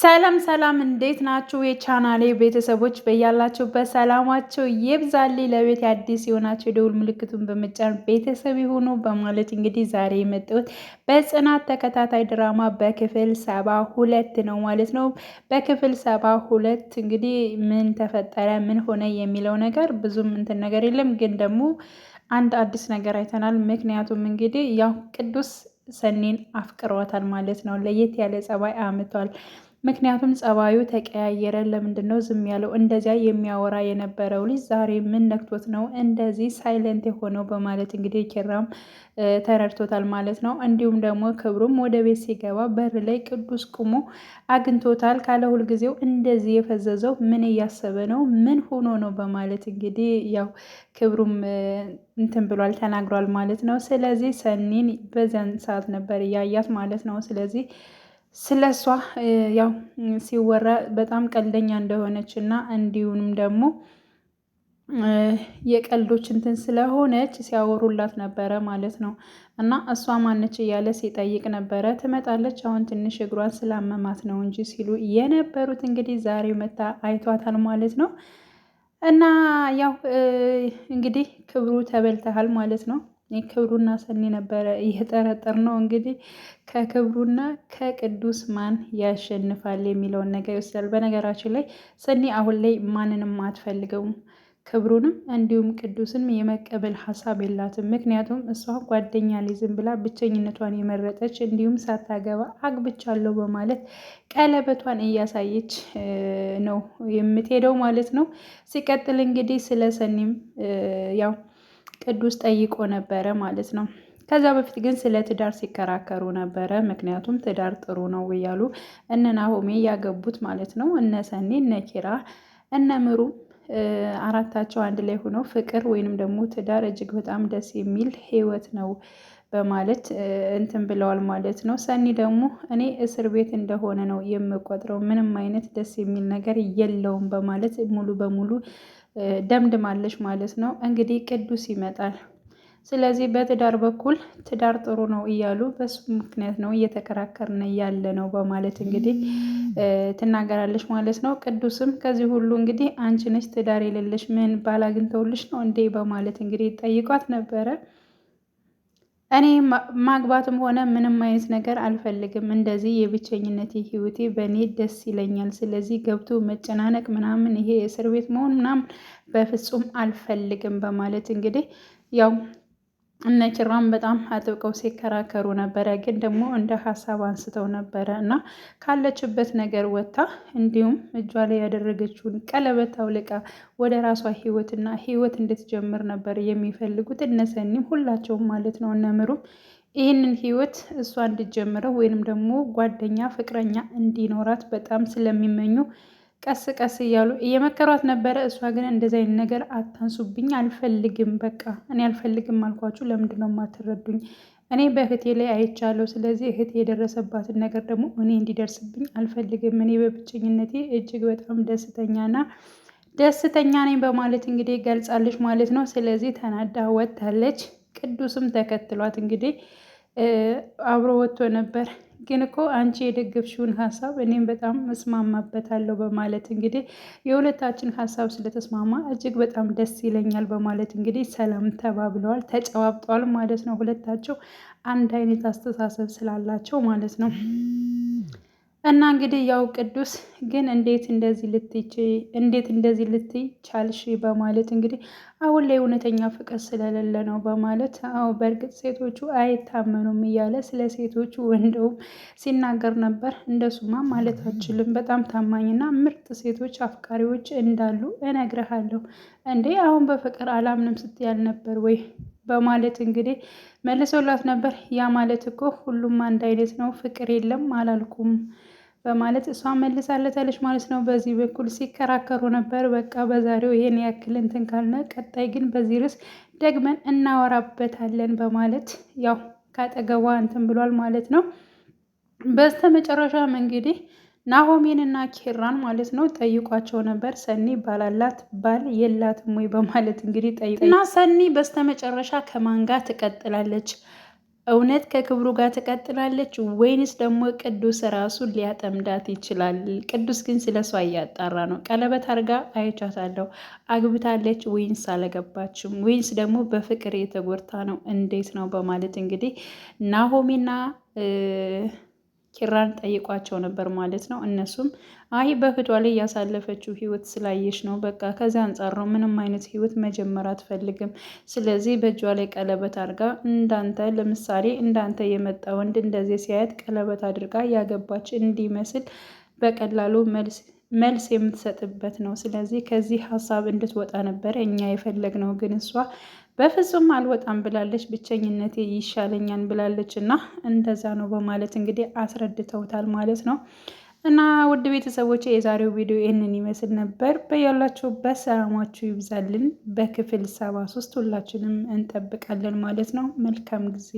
ሰላም ሰላም፣ እንዴት ናችሁ የቻናሌ ቤተሰቦች? በያላችሁበት ሰላማቸው የብዛሌ ለቤት አዲስ የሆናቸው የደውል ምልክቱን በመጫን ቤተሰብ የሆኑ በማለት እንግዲህ ዛሬ የመጣሁት በጽናት ተከታታይ ድራማ በክፍል ሰባ ሁለት ነው ማለት ነው። በክፍል ሰባ ሁለት እንግዲህ ምን ተፈጠረ ምን ሆነ የሚለው ነገር ብዙም እንትን ነገር የለም፣ ግን ደግሞ አንድ አዲስ ነገር አይተናል። ምክንያቱም እንግዲህ ያው ቅዱስ ሰኔን አፍቅሯታል ማለት ነው። ለየት ያለ ጸባይ አምቷል። ምክንያቱም ጸባዩ ተቀያየረ። ለምንድን ነው ዝም ያለው? እንደዚያ የሚያወራ የነበረው ልጅ ዛሬ ምን ነክቶት ነው እንደዚህ ሳይለንት የሆነው? በማለት እንግዲህ ኪራም ተረድቶታል ማለት ነው። እንዲሁም ደግሞ ክብሩም ወደ ቤት ሲገባ በር ላይ ቅዱስ ቁሞ አግኝቶታል። ካለ ሁልጊዜው እንደዚህ የፈዘዘው ምን እያሰበ ነው? ምን ሆኖ ነው? በማለት እንግዲህ ያው ክብሩም እንትን ብሏል ተናግሯል ማለት ነው። ስለዚህ ሰኒን በዚያን ሰዓት ነበር እያያት ማለት ነው። ስለዚህ ስለ እሷ ያው ሲወራ በጣም ቀልደኛ እንደሆነች እና እንዲሁም ደግሞ የቀልዶች እንትን ስለሆነች ሲያወሩላት ነበረ ማለት ነው። እና እሷ ማነች እያለ ሲጠይቅ ነበረ። ትመጣለች አሁን ትንሽ እግሯን ስላመማት ነው እንጂ ሲሉ የነበሩት እንግዲህ ዛሬ መታ አይቷታል ማለት ነው። እና ያው እንግዲህ ክብሩ ተበልተሃል ማለት ነው። ክብሩና ሰኒ ነበረ እየጠረጠር ነው እንግዲህ ከክብሩና ከቅዱስ ማን ያሸንፋል የሚለውን ነገር ይወስዳል። በነገራችን ላይ ሰኒ አሁን ላይ ማንንም አትፈልገውም። ክብሩንም እንዲሁም ቅዱስንም የመቀበል ሀሳብ የላትም። ምክንያቱም እሷ ጓደኛ ሊዝም ብላ ብቸኝነቷን የመረጠች እንዲሁም ሳታገባ አግብቻለሁ በማለት ቀለበቷን እያሳየች ነው የምትሄደው ማለት ነው። ሲቀጥል እንግዲህ ስለ ሰኒም ያው ቅዱስ ጠይቆ ነበረ ማለት ነው። ከዛ በፊት ግን ስለ ትዳር ሲከራከሩ ነበረ። ምክንያቱም ትዳር ጥሩ ነው እያሉ እነ ናሆሜ ያገቡት ማለት ነው እነ ሰኒ እነ ኪራ እነ ምሩ አራታቸው አንድ ላይ ሆነው ፍቅር ወይንም ደግሞ ትዳር እጅግ በጣም ደስ የሚል ህይወት ነው በማለት እንትን ብለዋል ማለት ነው። ሰኒ ደግሞ እኔ እስር ቤት እንደሆነ ነው የምቆጥረው፣ ምንም አይነት ደስ የሚል ነገር የለውም በማለት ሙሉ በሙሉ ደምድማለች ማለት ነው። እንግዲህ ቅዱስ ይመጣል። ስለዚህ በትዳር በኩል ትዳር ጥሩ ነው እያሉ በሱ ምክንያት ነው እየተከራከርን ያለ ነው በማለት እንግዲህ ትናገራለች ማለት ነው። ቅዱስም ከዚህ ሁሉ እንግዲህ አንቺ ነች ትዳር የሌለሽ ምን ባል አግኝተውልሽ ነው እንዴ በማለት እንግዲህ ጠይቋት ነበረ። እኔ ማግባትም ሆነ ምንም አይነት ነገር አልፈልግም። እንደዚህ የብቸኝነት ህይወቴ በእኔ ደስ ይለኛል። ስለዚህ ገብቶ መጨናነቅ ምናምን፣ ይሄ እስር ቤት መሆን ምናምን በፍጹም አልፈልግም በማለት እንግዲህ ያው እነ ኪራም በጣም አጥብቀው ሲከራከሩ ነበረ። ግን ደግሞ እንደ ሀሳብ አንስተው ነበረ እና ካለችበት ነገር ወጥታ እንዲሁም እጇ ላይ ያደረገችውን ቀለበት አውልቃ ወደ ራሷ ህይወትና ህይወት እንድትጀምር ነበር የሚፈልጉት እነሰኒም ሁላቸውም ማለት ነው እነምሩም ይህንን ህይወት እሷ እንድትጀምረው ወይንም ደግሞ ጓደኛ፣ ፍቅረኛ እንዲኖራት በጣም ስለሚመኙ ቀስ ቀስ እያሉ እየመከሯት ነበረ። እሷ ግን እንደዚ አይነት ነገር አታንሱብኝ፣ አልፈልግም፣ በቃ እኔ አልፈልግም አልኳችሁ፣ ለምንድን ነው የማትረዱኝ? እኔ በእህቴ ላይ አይቻለሁ። ስለዚህ እህቴ የደረሰባትን ነገር ደግሞ እኔ እንዲደርስብኝ አልፈልግም። እኔ በብቸኝነቴ እጅግ በጣም ደስተኛና ደስተኛ ነኝ በማለት እንግዲህ ገልጻለች ማለት ነው። ስለዚህ ተናዳ ወጥታለች። ቅዱስም ተከትሏት እንግዲህ አብሮ ወጥቶ ነበር። ግን እኮ አንቺ የደገፍሽውን ሀሳብ እኔም በጣም እስማማበታለሁ በማለት እንግዲህ የሁለታችን ሀሳብ ስለተስማማ እጅግ በጣም ደስ ይለኛል በማለት እንግዲህ ሰላም ተባብለዋል፣ ተጨባብጠዋል ማለት ነው። ሁለታቸው አንድ አይነት አስተሳሰብ ስላላቸው ማለት ነው። እና እንግዲህ ያው ቅዱስ ግን እንዴት እንደዚህ ልትይ እንዴት እንደዚህ ልትይ ቻልሽ በማለት እንግዲህ አሁን ላይ እውነተኛ ፍቅር ስለሌለ ነው በማለት አዎ በእርግጥ ሴቶቹ አይታመኑም እያለ ስለ ሴቶቹ እንደውም ሲናገር ነበር። እንደሱማ ማለት አችልም በጣም ታማኝና ምርጥ ሴቶች አፍቃሪዎች እንዳሉ እነግርሃለሁ። እንዴ አሁን በፍቅር አላምንም ስትይ ነበር ወይ? በማለት እንግዲህ መልሰውላት ነበር። ያ ማለት እኮ ሁሉም አንድ አይነት ነው፣ ፍቅር የለም አላልኩም በማለት እሷ መልሳለታለች ማለት ነው። በዚህ በኩል ሲከራከሩ ነበር። በቃ በዛሬው ይሄን ያክል እንትን ካልነ ቀጣይ ግን በዚህ ርዕስ ደግመን እናወራበታለን በማለት ያው ካጠገቧ እንትን ብሏል ማለት ነው። በስተመጨረሻም እንግዲህ ናሆሜን እና ኪራን ማለት ነው ጠይቋቸው ነበር። ሰኒ ባላላት ባል የላትም ወይ በማለት እንግዲህ ጠይቁ እና ሰኒ በስተመጨረሻ ከማን ጋር ትቀጥላለች? እውነት ከክብሩ ጋር ትቀጥላለች ወይንስ ደግሞ ቅዱስ ራሱ ሊያጠምዳት ይችላል? ቅዱስ ግን ስለ እሷ እያጣራ ነው። ቀለበት አድርጋ አይቻታለሁ። አግብታለች ወይንስ አለገባችም? ወይንስ ደግሞ በፍቅር የተጎርታ ነው? እንዴት ነው በማለት እንግዲህ ናሆሚና ኪራን ጠይቋቸው ነበር ማለት ነው። እነሱም አይ በህቷ ላይ ያሳለፈችው ህይወት ስላየሽ ነው፣ በቃ ከዚያ አንጻር ነው፣ ምንም አይነት ህይወት መጀመር አትፈልግም። ስለዚህ በእጇ ላይ ቀለበት አድርጋ እንዳንተ ለምሳሌ እንዳንተ የመጣ ወንድ እንደዚህ ሲያየት ቀለበት አድርጋ ያገባች እንዲመስል በቀላሉ መልስ መልስ የምትሰጥበት ነው። ስለዚህ ከዚህ ሀሳብ እንድትወጣ ነበረ እኛ የፈለግነው፣ ግን እሷ በፍጹም አልወጣም ብላለች፣ ብቸኝነቴ ይሻለኛል ብላለች እና እንደዛ ነው በማለት እንግዲህ አስረድተውታል ማለት ነው። እና ውድ ቤተሰቦች የዛሬው ቪዲዮ ይህንን ይመስል ነበር። በያላችሁ በሰላማችሁ ይብዛልን። በክፍል ሰባ ሶስት ሁላችንም እንጠብቃለን ማለት ነው። መልካም ጊዜ